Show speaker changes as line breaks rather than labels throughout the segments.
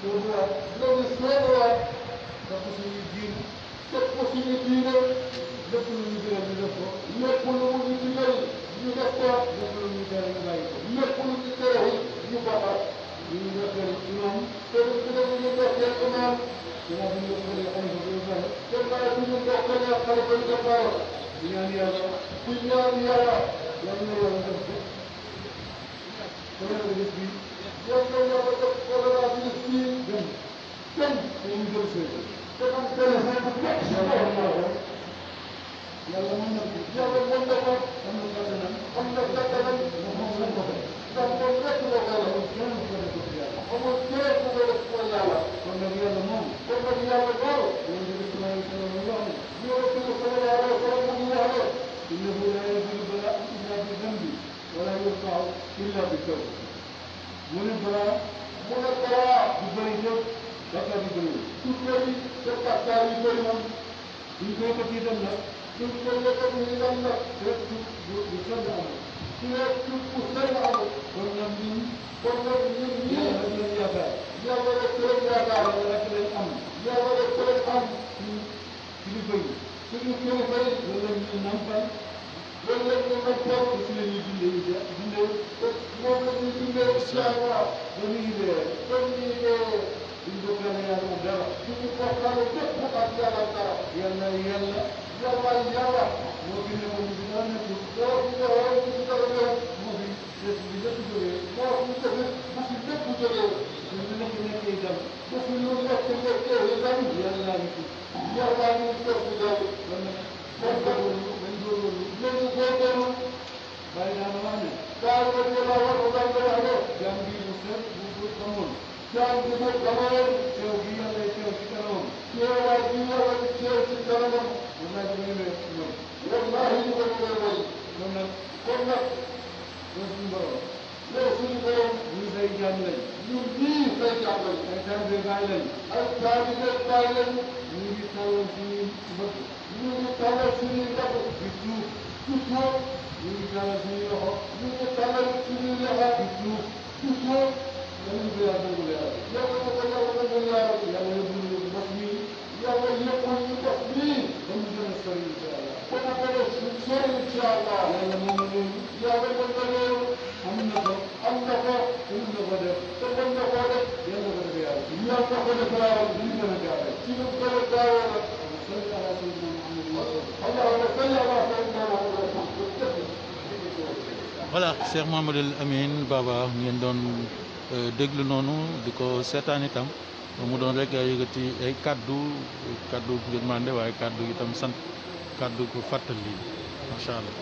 toujours loolu soobuwaat dafa suñuy diin teg ko suñu diine lépp lu ñu digal ñu def ko lépp lu ñu digal ñu def ko lépp lu ñu tere ñu bàyyi ko lépp lu ñu tere ñu baaxal ñu ñu defal ñoom te ñu digal ñu def seen imaam dina fi ñu defal ay xarit te bàyyi bu ñu def ko ñaar xarit ba ñu def baaxal ñaan yàlla ku ñaan yàlla yàlla na yàlla def ko. yow kay yow ba jot yow ba daal di ñu dem dem dañuy jël seen te man benn xeetu ñett si kaw moo ko yàlla mën na ko yàlla mën na ko am na gàttalal am na gàttalal moom moom lañ ko def ndax moom rek la ko yàlla kenn ko def ko yàlla amul kenn ku ko def ko yàlla kon nag yàlla moom kon nag yàlla loolu yéen jël si maay sama lu wax ne ñu ne ko sama yàlla sama mu ngi wax ne innahu la yaghfiru balaa illa bi dambi wala yurfa'u illa bi tawba mënuñ balaa mën a balaa bu bëri ñëpp bakkaar yu bëri su bëri sa bakkaar yu bëri moom duñ koy ko jiital nag suñ ko yëkkati ñu dem nag rek du du du sën la amul su dee su bu sën la amul kon nag ñun kon nag ñun ñii yàlla leen yaakaar yàlla rek leen yaakaar yàlla rek leen am yàlla rek leen am suñ suñu bëri suñu kilifa yi loolu la ñuy nampal loolu la ñuy nampal suñu la ñuy dund islam dönüyle dönüyle bildikleri yanında bildikleri tek bu katliamlarda yerler yerler yerler yerler bugün bugün bu bugün sesimize tutuyor bu bugün bugün de tutuyor Sözüne kime diyeceğim? Bu filmin mektubette yerlerini yerlerini yerlerini tutuyor. Ben de bunu, ben de bunu, ben de bunu, bayramane kaarol jeba wonko ganduɗa ɗo jangiɗo sen ɗuɗɗamol jangi ɗuɗɗamol tew giyale tew cikarom tewa giyawani tew cikaromon wonaji mene non wallahi wonwewol nonan konna ɗo sumbaro ɗo sumbarom yusay jam lay yurdi say jam lay ay tabe bay lay ay tabiɓe bay lay mingi tawa sini mbadu mingi tawa sini mbadu di tuub di tuub ñu ngi tàllal suñuy loxo. ñu ngi tàllal suñuy loxo. di tuub di tuub. yàlla na yàlla dugg leeral. yàlla na ko yàlla dugg leeral. yàlla na dugg leeral bas bii. yàlla yëppal ñu bas bii. ba mu gën a sori incha allah. ba mu gën a sori incha allah. yàlla moom la loolu. yàlla mën na loolu. am na ko am na ko. mën na ko def. te mën na koo def. yàlla na ko def
yàlla. yàlla na ko def yàlla. ñu gën a gaawee. ci lu gën
a gaawee la. voilà Cheikh Mouhamadoul Amine Baba ngeen doon euh, déglu noonu di ko seetaan itam mu doon rek ay kàddu kàddu yërmande waaye kàddu itam sant kàddu ko fàttali macha allah.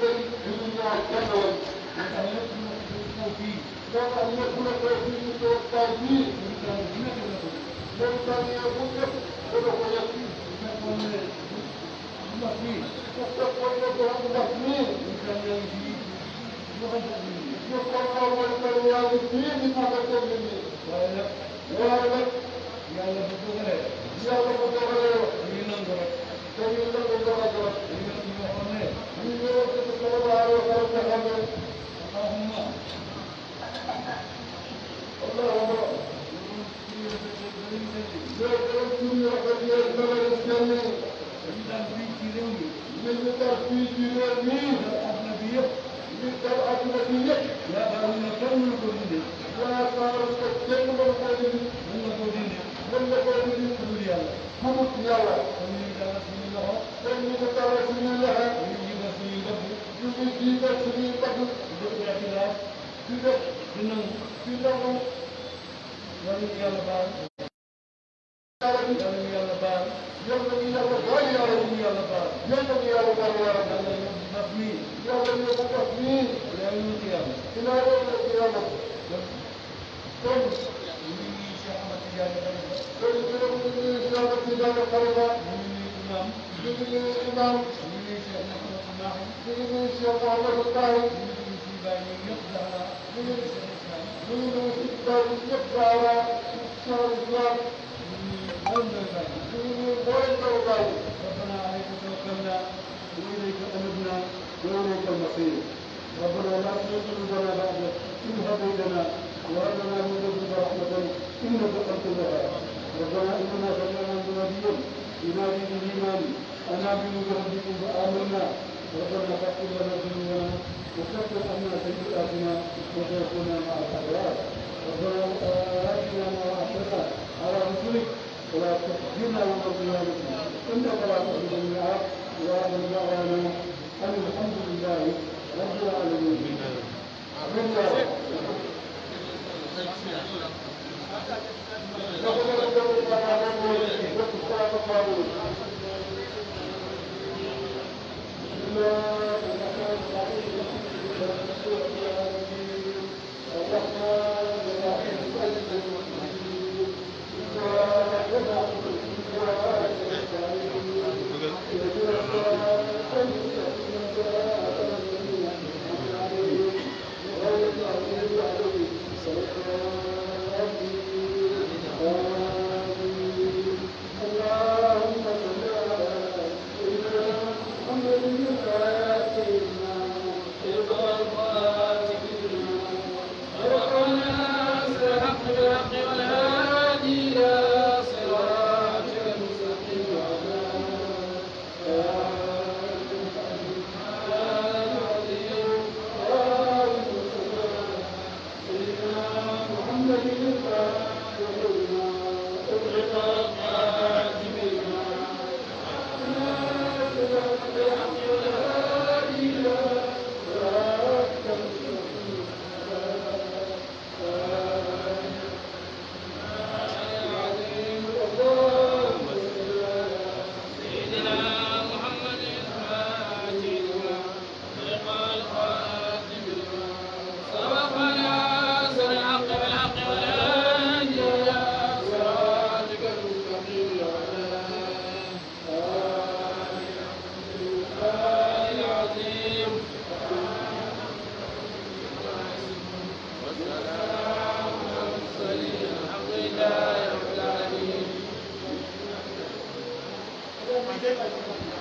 bëri dañuy ñëwaat benn woon. daanaka ñëpp ñu ngi ñëw fii. daanaka ñëpp ñu ngi koy fii ñu toog taay fii. ñu ngi taay ñu nekk na ko. loolu taay yooyu bu ñëpp dafa ko yàq fii. ñu nekk moom ne ndox mii. bu fekkoon ne ko wax ndox mii. ñu taay yaa ngi fii. ñu xam ne ñu xam naa mooy taay yaa ngi fii ñu xam ne taay nit ñi. waaye nag. waaye nag. yàlla bu dogalee. yàlla bu dogalee. ñu ngi nangu rek. dañuy nangu dogal rek. Yàlla kon ñu ko tawal suñuy loxo. ñu ji ko suñuy bopp. ñu ngi ji ko suñuy bopp. ñu ngi ci laaj. di def di nangu. di nangu. yal nañu yàlla baal. yal nañu yàlla baal. yal nañu yàlla baal. yal nañu yàlla baal. yal nañu yàlla baal. yal nañu bas mii. yal nañu ko bas mii. yal nañu ci yàlla. dinaa yal na ci yàlla. kon. ñu ngi Cheikh Ahmad Tidiane Khalifa. kon ñu ngi Cheikh Ahmad Tidiane Khalifa. الإسلام جبل الإمام جبل الشيخ محمد الناحي جبل الشيخ محمد الطاهر جبل
الشيباني يقدر جبل
الإسلام جبل الشيباني يقدر شهر الإسلام ربنا عليك توكلنا وإليك أنبنا وإليك المصير ربنا لا تزغ قلوبنا بعد إذ هديتنا وهب لنا من لدنك رحمة إنك أنت الوهاب ربنا إننا سمعنا بنبيا إذا بالإيمان أنا بربكم فآمنا ربنا فاغفر لنا ذنوبنا وكفر عنا سيئاتنا وتوفنا مع الأبرار ربنا آتنا ما وعدتنا على رسلك ولا تخزنا يوم القيامة إنك لا تخلف الميعاد وآمن دعوانا أن الحمد لله رب العالمين.
Thank you.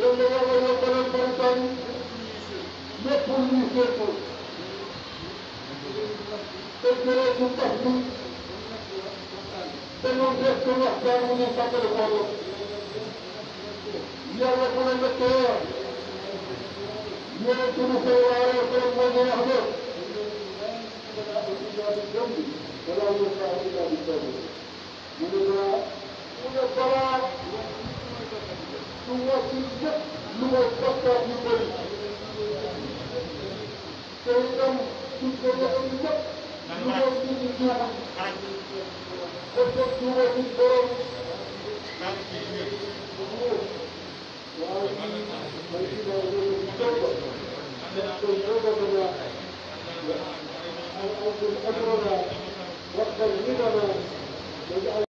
yàlla yàlla yombalal baykat yi
lépp lu ñuy seetlu te jërëjëf ndox mi
dañoo def ko waxtaan wu ñuy fàttali xoolal yàlla bu la nekkee yéen a tudd say waaree ko moo ñu wax lépp.
wala wala su woo ci lépp lu mooy docteur yu bëri te itam suñ ko defee lépp lu mooy ci ñu juubu docteur juuba ci borom
waaw man ci loolu jëmba dañ ko yóbba ba ñaar ak ak ak ak waxtaan yi nga naan dañu